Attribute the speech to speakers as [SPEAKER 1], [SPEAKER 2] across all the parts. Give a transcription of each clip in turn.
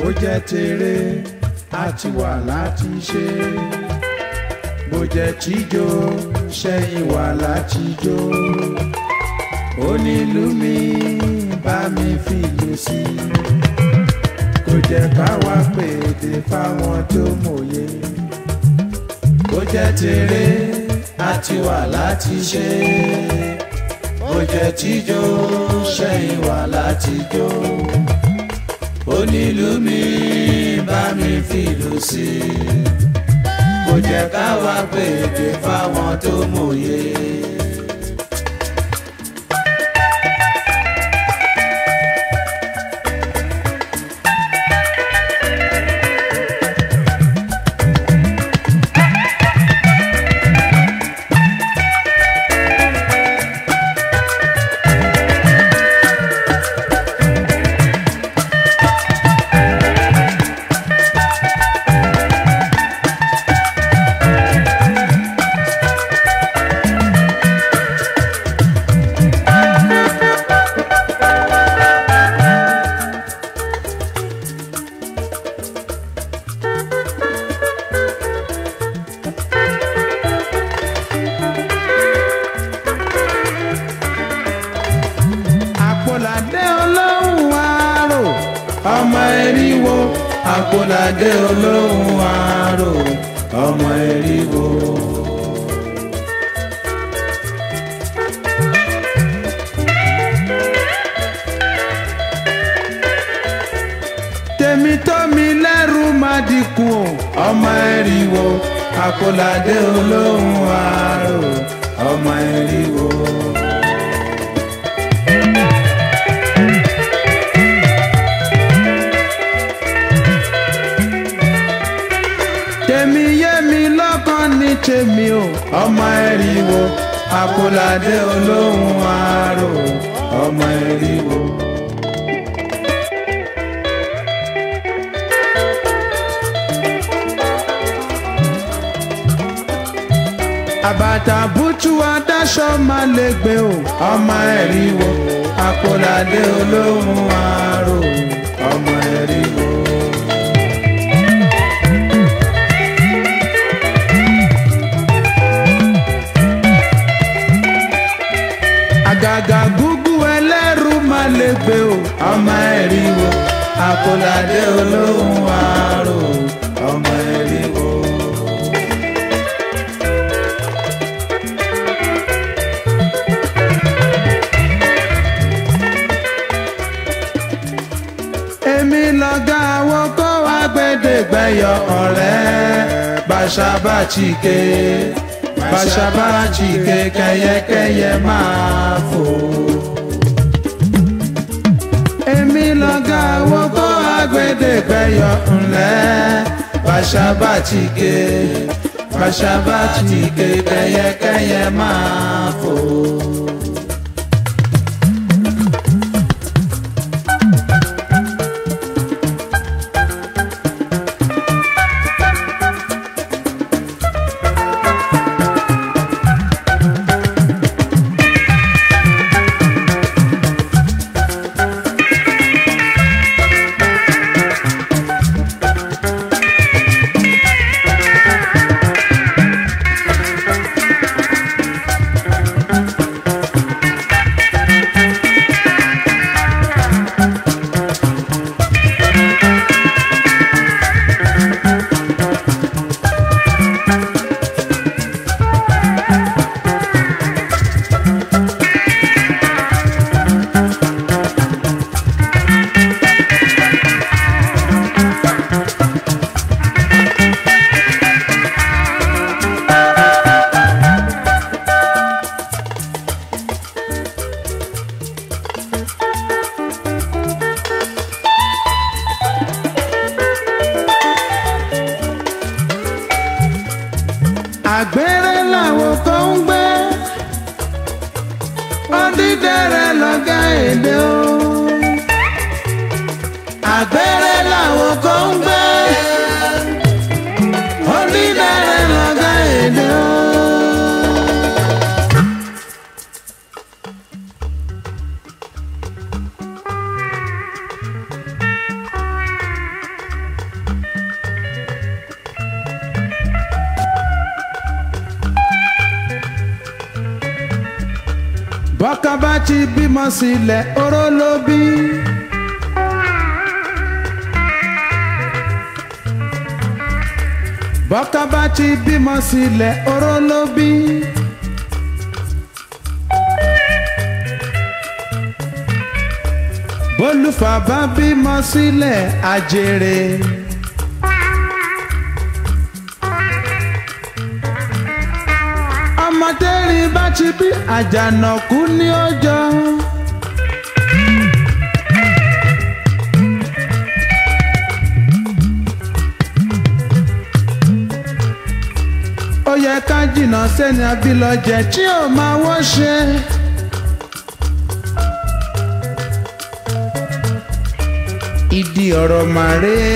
[SPEAKER 1] bó jẹ́ tèrè àti wà láti ṣe bó jẹ́ tíjó ṣẹ́yìn wà láti jó onílù mi bá mi fìlú sí kò jẹ́ káwa pètè fáwọn tó mòye bó jẹ́ tèrè àti wà láti ṣe bó jẹ́ tíjó ṣẹ́yìn wà láti jó onílù mi bá mi fìlù sí i kò jẹ́ ká wá pèdè fáwọn tó mòye. èmi tó mi lẹ́rù má dínkù o ọmọ ẹ̀rìwò àpòládé olóhùn àárò ọmọ ẹ̀rìwò. tèmi yé mi lọ́kàn ní tèmi o ọmọ ẹ̀rìwò àpòládé olóhùn àárò ọmọ ẹ̀rìwò. àbàtà bùtù adáṣọ máa lè gbé o ọmọ ẹ̀rí wo àpòládé olóhùn àárò ọmọ ẹ̀rí wo. àgàgà gúgú ẹlẹ́rù máa lè gbé o ọmọ ẹ̀rí wo àpòládé olóhùn àárò. gbàgà àwọn kó wá gbẹdẹgbẹyọ ọ̀rẹ́ bàṣàbàchìkè bàṣàbàchìkè kẹyẹkẹyẹ máa fò. èmi lọ́gà àwọn kó wá gbẹdẹgbẹyọ ńlẹ́ bàṣàbàchìkè bàṣàbàchìkè kẹyẹkẹyẹ máa fò. Adídẹrẹ́ lọ́gá èdè o. Àgbẹ̀. ti bímọ sílẹ̀ oró ló bí. bọ́ká bá ti bímọ sílẹ̀ oró ló bí. bólúfà bá bímọ sílẹ̀ àjèrè. ọmọ tẹ́rìn bá ti bí àjànàkú ní ọjọ́. ó yẹ ká jìnnà sẹ́ni abilọ́jẹ tí ò máa wọ́n ìdí ọ̀rọ̀ màrè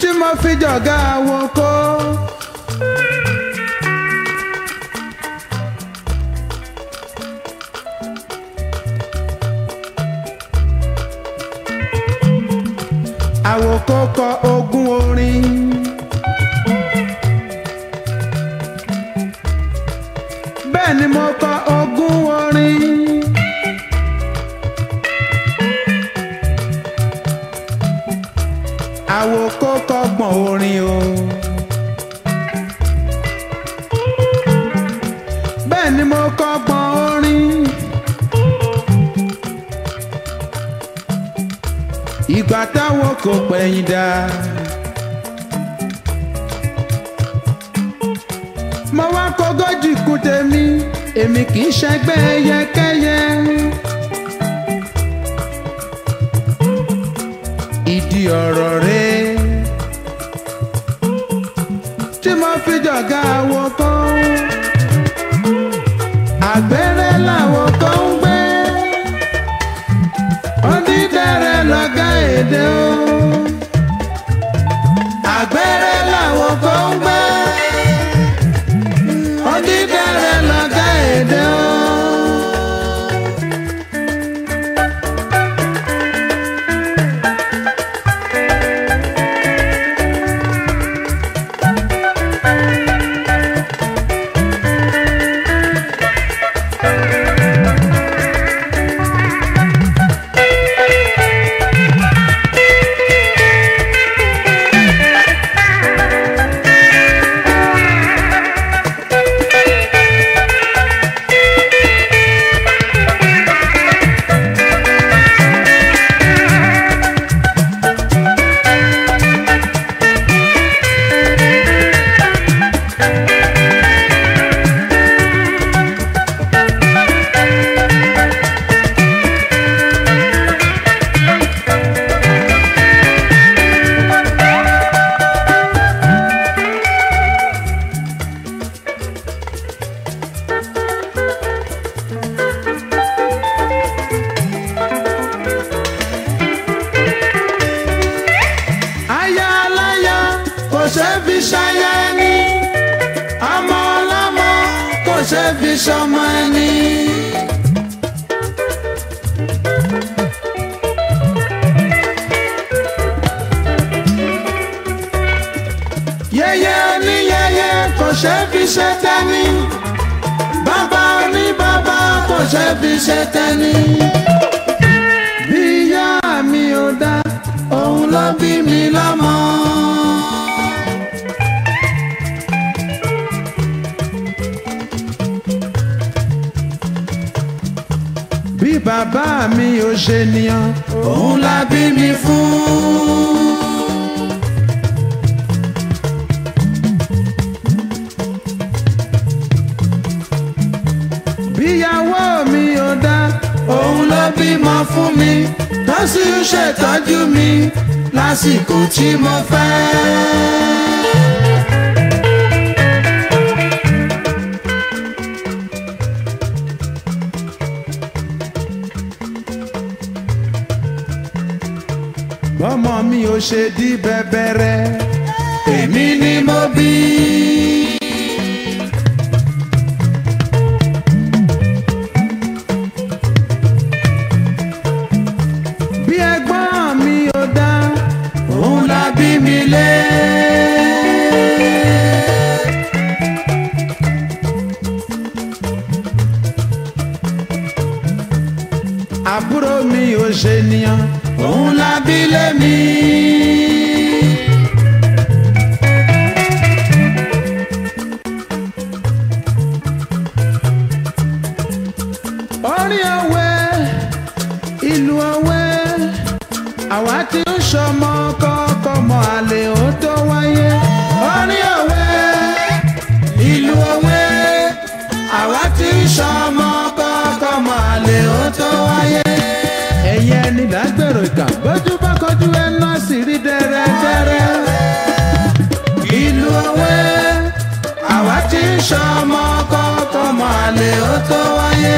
[SPEAKER 1] tí mo fi jọ̀gá àwọn kó. àwòkọ́ kọ ogún orin. bẹ́ẹ̀ ni mo kọ ogún orin. àwòkọ́ kọ gbọ̀n orin o. ìgbà táwọn kò pẹ̀yìn dá. mo wá kọ́gọ́jì kún tèmi èmi kì í ṣẹgbẹ́ yẹkẹ́yẹ. ṣe fi ṣe tẹ́ni bàbá oní bàbá kò ṣe fi ṣe tẹ́ni. bí ìyá mi ò dá òun ló bí mi lọ́mọ. bí bàbá mi ò ṣe nìyàn òun la mi fún. lásìkò tí mo fẹ́. mi ò ṣe di bẹ́bẹ́rẹ́. orí ọ̀wẹ́ ìlú ọ̀wẹ́ àwa tí ń ṣọmọ kọ́kọ́ mọ àlè ó tó wáyé orí ọ̀wẹ́ ìlú ọ̀wẹ́ àwa tí ń ṣọmọ kọ́kọ́ mọ àlè ó tó wáyé. ẹ̀yẹ ni lágbèrò ìkà bójú bá kojú ẹ̀ náà sì rí dẹ́rẹ́dẹ́rẹ́ ìlú ọ̀wẹ́ àwa tí ń ṣọmọ kọ́kọ́ mọ àlè ó tó wáyé.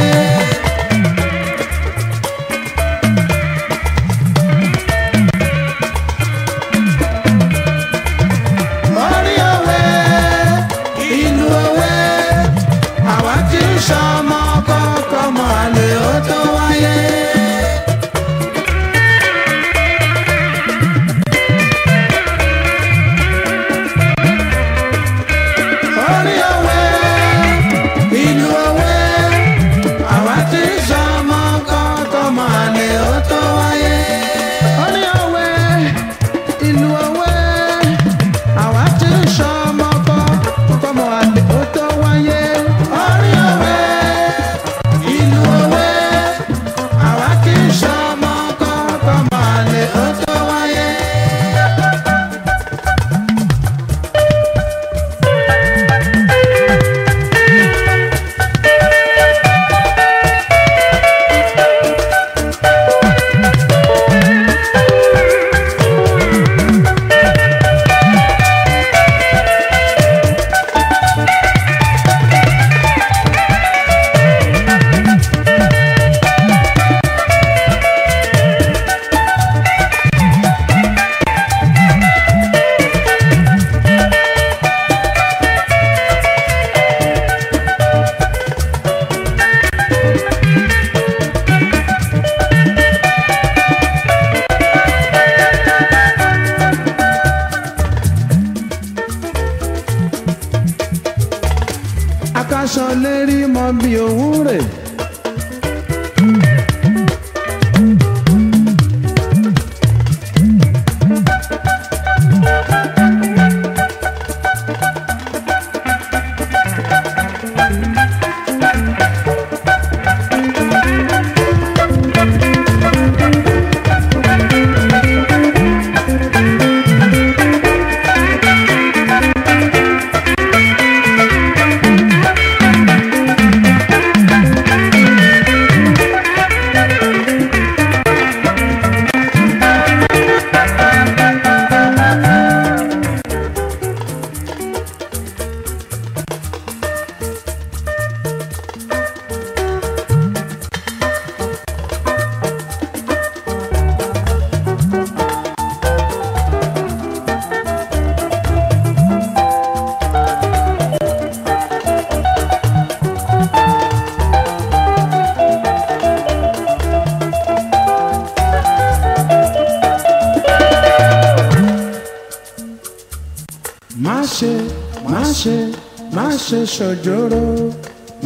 [SPEAKER 1] ṣòjóró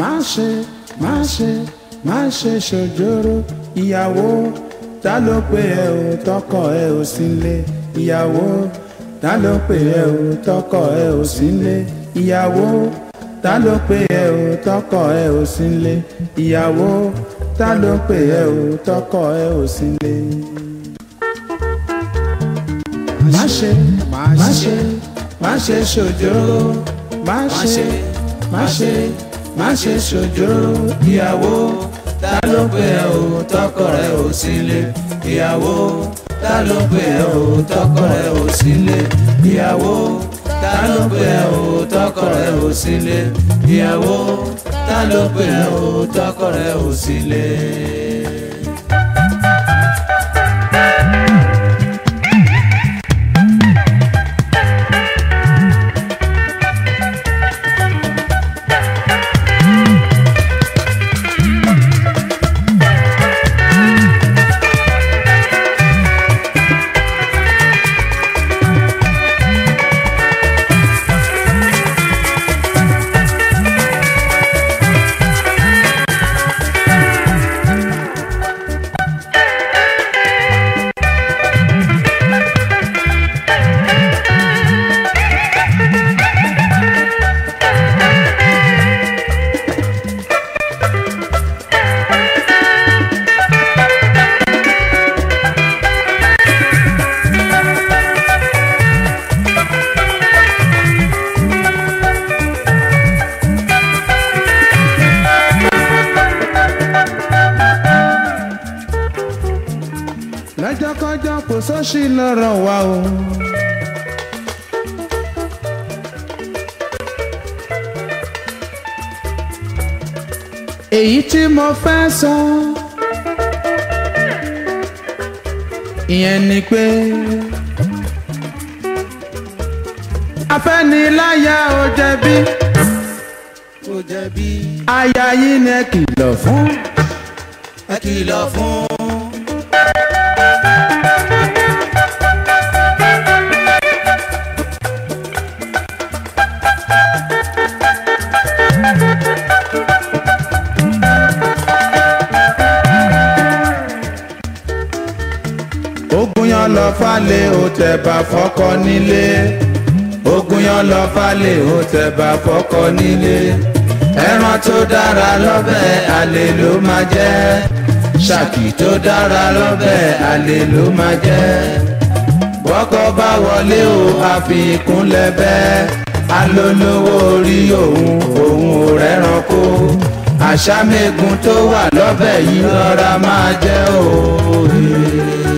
[SPEAKER 1] má ṣe má ṣe má ṣe ṣòjóró ìyàwó ta ló pè ẹ o tọkọ ẹ ò sí nílé ìyàwó ta ló pè ẹ o tọkọ ẹ ò sí nílé ìyàwó ta ló pè ẹ o tọkọ ẹ ò sí nílé ìyàwó ta ló pè ẹ o tọkọ ẹ ò sí nílé. má ṣe má ṣe má ṣe ṣòjóró má ṣe má ṣe má ṣe ṣojo ìyàwó ta ló pè ẹ́ o tọkọ rẹ ò sílé ìyàwó ta ló pè ẹ́ o tọkọ rẹ ò sílé ìyàwó ta ló pè ẹ́ o tọkọ rẹ ò sílé ìyàwó ta ló pè ẹ́ o tọkọ rẹ ò sílé. sọ́ọ̀ṣì lọ́rọ̀ wa o. èyí tí mo fẹ́ sọ ìyẹn ni pé afẹ́niláyà ò jẹ̀bi ò jẹ̀bi aya yín ni ẹ kìlọ̀ fún ẹ kìlọ̀ fún. tẹ̀bà fọ́kọ nílé ogun yan lọ falẹ̀ ó tẹ̀bà fọ́kọ nílé ẹran tó dára lọ́bẹ̀ àlè ló máa jẹ́ ṣàkì tó dára lọ́bẹ̀ àlè ló máa jẹ́ bọ́kọ bá wọlé o àfikún lẹ́bẹ̀ alólówó orí òun òun ò rẹ́ran kó àṣà mẹ́gun tó wà lọ́bẹ̀ yìí rọra máa jẹ́ òòrè.